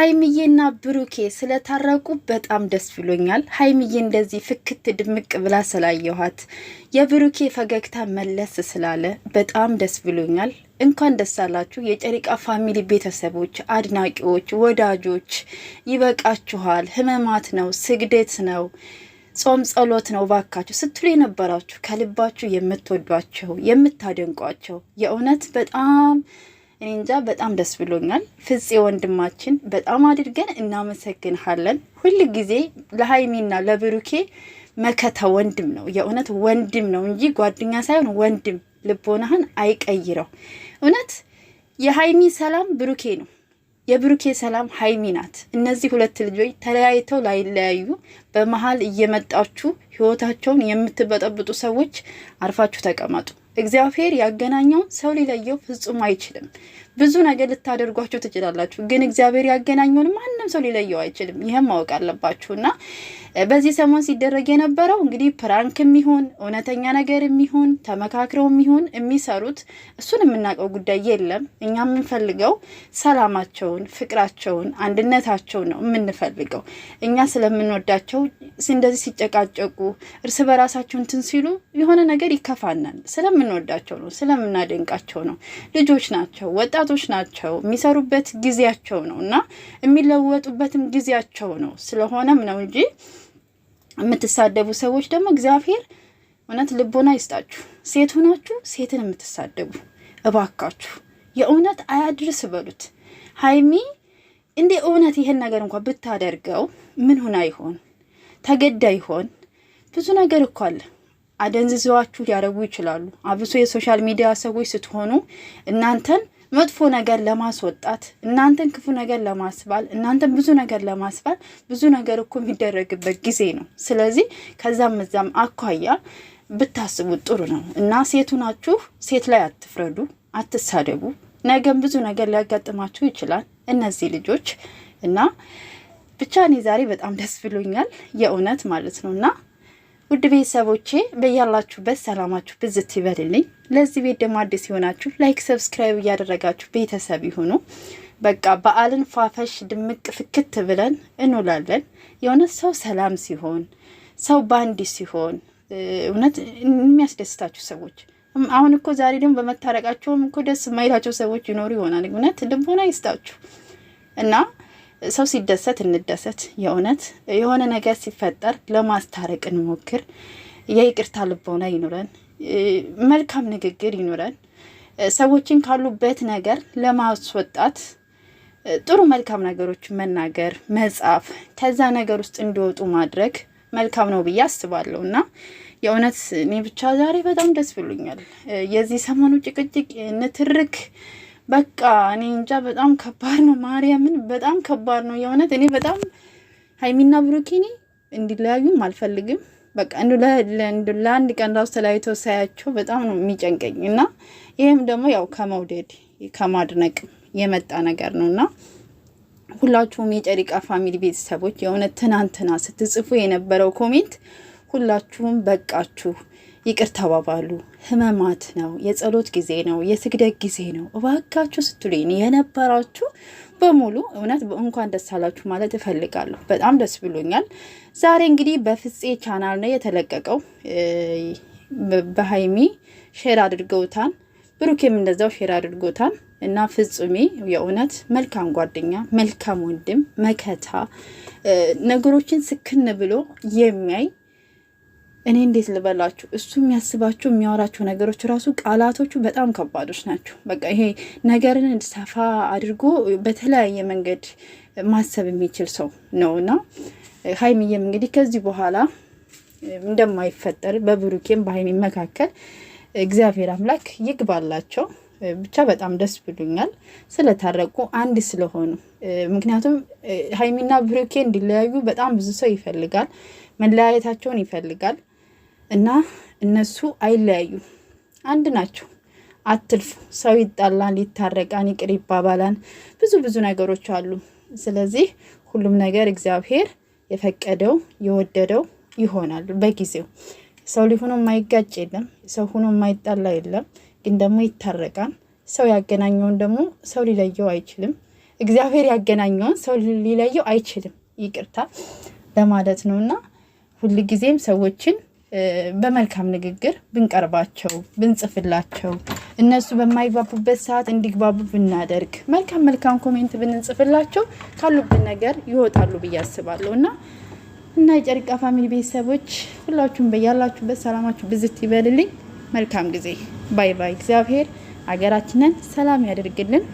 ሀይሚዬና ብሩኬ ስለታረቁ በጣም ደስ ብሎኛል። ሀይምዬ እንደዚህ ፍክት ድምቅ ብላ ስላየኋት የብሩኬ ፈገግታ መለስ ስላለ በጣም ደስ ብሎኛል። እንኳን ደስ አላችሁ የጨሪቃ ፋሚሊ ቤተሰቦች፣ አድናቂዎች፣ ወዳጆች ይበቃችኋል። ህመማት ነው፣ ስግደት ነው፣ ጾም ጸሎት ነው ባካችሁ ስትሉ የነበራችሁ ከልባችሁ የምትወዷቸው የምታደንቋቸው የእውነት በጣም እኔ እንጃ በጣም ደስ ብሎኛል። ፍፄ ወንድማችን በጣም አድርገን እናመሰግንሃለን። ሁል ጊዜ ለሀይሚና ለብሩኬ መከታ ወንድም ነው። የእውነት ወንድም ነው እንጂ ጓደኛ ሳይሆን ወንድም። ልቦናህን አይቀይረው። እውነት የሀይሚ ሰላም ብሩኬ ነው፣ የብሩኬ ሰላም ሀይሚ ናት። እነዚህ ሁለት ልጆች ተለያይተው ላይለያዩ በመሀል እየመጣችሁ ህይወታቸውን የምትበጠብጡ ሰዎች አርፋችሁ ተቀመጡ። እግዚአብሔር ያገናኘው ሰው ሊለየው ፍጹም አይችልም። ብዙ ነገር ልታደርጓቸው ትችላላችሁ፣ ግን እግዚአብሔር ያገናኘውን ማንም ሰው ሊለየው አይችልም። ይህም ማወቅ አለባችሁ እና በዚህ ሰሞን ሲደረግ የነበረው እንግዲህ ፕራንክ የሚሆን እውነተኛ ነገር የሚሆን ተመካክረው የሚሆን የሚሰሩት እሱን የምናውቀው ጉዳይ የለም። እኛ የምንፈልገው ሰላማቸውን፣ ፍቅራቸውን፣ አንድነታቸው ነው የምንፈልገው። እኛ ስለምንወዳቸው እንደዚህ ሲጨቃጨቁ እርስ በራሳቸው እንትን ሲሉ የሆነ ነገር ይከፋናል። ስለምንወዳቸው ነው፣ ስለምናደንቃቸው ነው። ልጆች ናቸው፣ ወጣቱ ወጣቶች ናቸው። የሚሰሩበት ጊዜያቸው ነው እና የሚለወጡበትም ጊዜያቸው ነው። ስለሆነም ነው እንጂ የምትሳደቡ ሰዎች ደግሞ እግዚአብሔር እውነት ልቦና ይስጣችሁ። ሴት ሆናችሁ ሴትን የምትሳደቡ እባካችሁ የእውነት አያድርስ በሉት። ሀይሚ እንዴ እውነት ይሄን ነገር እንኳን ብታደርገው ምን ሁና ይሆን? ተገዳ ይሆን? ብዙ ነገር እኮ አለ። አደንዝዘዋችሁ ሊያደርጉ ይችላሉ። አብሶ የሶሻል ሚዲያ ሰዎች ስትሆኑ እናንተን መጥፎ ነገር ለማስወጣት እናንተን ክፉ ነገር ለማስባል እናንተን ብዙ ነገር ለማስባል ብዙ ነገር እኮ የሚደረግበት ጊዜ ነው። ስለዚህ ከዛም እዛም አኳያ ብታስቡት ጥሩ ነው እና ሴቱ ናችሁ፣ ሴት ላይ አትፍረዱ፣ አትሳደቡ። ነገም ብዙ ነገር ሊያጋጥማችሁ ይችላል እነዚህ ልጆች እና ብቻ እኔ ዛሬ በጣም ደስ ብሎኛል የእውነት ማለት ነው እና ውድ ቤተሰቦቼ በያላችሁበት ሰላማችሁ ብዝት ይበልልኝ። ለዚህ ቤት ደግሞ አዲስ የሆናችሁ ላይክ፣ ሰብስክራይብ እያደረጋችሁ ቤተሰብ ይሁኑ። በቃ በዓልን ፏፈሽ ድምቅ ፍክት ብለን እንውላለን። የእውነት ሰው ሰላም ሲሆን፣ ሰው ባንድ ሲሆን እውነት የሚያስደስታችሁ ሰዎች አሁን እኮ ዛሬ ደግሞ በመታረቃቸውም እኮ ደስ የማይላቸው ሰዎች ይኖሩ ይሆናል። እውነት ልቦና ይስጣችሁ እና ሰው ሲደሰት እንደሰት። የእውነት የሆነ ነገር ሲፈጠር ለማስታረቅ እንሞክር። የይቅርታ ልቦና ይኑረን። መልካም ንግግር ይኑረን። ሰዎችን ካሉበት ነገር ለማስወጣት ጥሩ መልካም ነገሮች መናገር፣ መጻፍ፣ ከዛ ነገር ውስጥ እንዲወጡ ማድረግ መልካም ነው ብዬ አስባለሁ እና የእውነት እኔ ብቻ ዛሬ በጣም ደስ ብሎኛል። የዚህ ሰሞኑ ጭቅጭቅ ንትርክ በቃ እኔ እንጃ በጣም ከባድ ነው። ማርያምን በጣም ከባድ ነው የእውነት እኔ በጣም ሀይሚና ብሩኬ እንዲለያዩም አልፈልግም። በቃ ለአንድ ቀን ራሱ ተለያይተው ሳያቸው በጣም ነው የሚጨንቀኝ እና ይህም ደግሞ ያው ከመውደድ ከማድነቅ የመጣ ነገር ነው እና ሁላችሁም የጨሪቃ ፋሚሊ ቤተሰቦች የእውነት ትናንትና ስትጽፉ የነበረው ኮሜንት ሁላችሁም በቃችሁ ይቅር ተባባሉ። ህመማት ነው፣ የጸሎት ጊዜ ነው፣ የስግደት ጊዜ ነው እባካችሁ ስትሉኝ የነበራችሁ በሙሉ እውነት እንኳን ደስ አላችሁ ማለት እፈልጋለሁ። በጣም ደስ ብሎኛል። ዛሬ እንግዲህ በፍጼ ቻናል ነው የተለቀቀው። በሀይሚ ሼር አድርገውታል፣ ብሩኬም እንደዛው ሼር አድርጎታል። እና ፍጹሜ የእውነት መልካም ጓደኛ፣ መልካም ወንድም፣ መከታ ነገሮችን ስክን ብሎ የሚያይ እኔ እንዴት ልበላችሁ፣ እሱ የሚያስባቸው የሚያወራቸው ነገሮች ራሱ ቃላቶቹ በጣም ከባዶች ናቸው። በቃ ይሄ ነገርን ሰፋ አድርጎ በተለያየ መንገድ ማሰብ የሚችል ሰው ነው እና ሀይሚዬም እንግዲህ ከዚህ በኋላ እንደማይፈጠር በብሩኬም በሀይሚ መካከል እግዚአብሔር አምላክ ይግባላቸው። ብቻ በጣም ደስ ብሎኛል ስለታረቁ አንድ ስለሆኑ። ምክንያቱም ሀይሚና ብሩኬ እንዲለያዩ በጣም ብዙ ሰው ይፈልጋል፣ መለያየታቸውን ይፈልጋል። እና እነሱ አይለያዩም፣ አንድ ናቸው። አትልፉ። ሰው ይጣላል፣ ይታረቃል፣ ይቅር ይባባላል። ብዙ ብዙ ነገሮች አሉ። ስለዚህ ሁሉም ነገር እግዚአብሔር የፈቀደው የወደደው ይሆናል በጊዜው። ሰው ሊሆኖ የማይጋጭ የለም፣ ሰው ሆኖ የማይጣላ የለም። ግን ደግሞ ይታረቃል። ሰው ያገናኘውን ደግሞ ሰው ሊለየው አይችልም። እግዚአብሔር ያገናኘውን ሰው ሊለየው አይችልም። ይቅርታ ለማለት ነው እና ሁልጊዜም ሰዎችን በመልካም ንግግር ብንቀርባቸው ብንጽፍላቸው እነሱ በማይግባቡበት ሰዓት እንዲግባቡ ብናደርግ መልካም መልካም ኮሜንት ብንጽፍላቸው ካሉብን ነገር ይወጣሉ ብዬ አስባለሁ እና እና የጨርቃ ፋሚሊ ቤተሰቦች ሁላችሁም በያላችሁበት ሰላማችሁ ብዝት ይበልልኝ። መልካም ጊዜ። ባይ ባይ። እግዚአብሔር ሀገራችንን ሰላም ያደርግልን።